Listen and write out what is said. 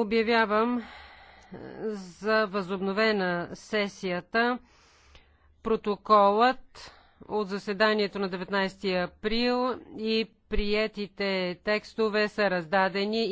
Обявявам е, за възобновена сесията протоколът от заседанието на 19 април и приетите текстове са раздадени.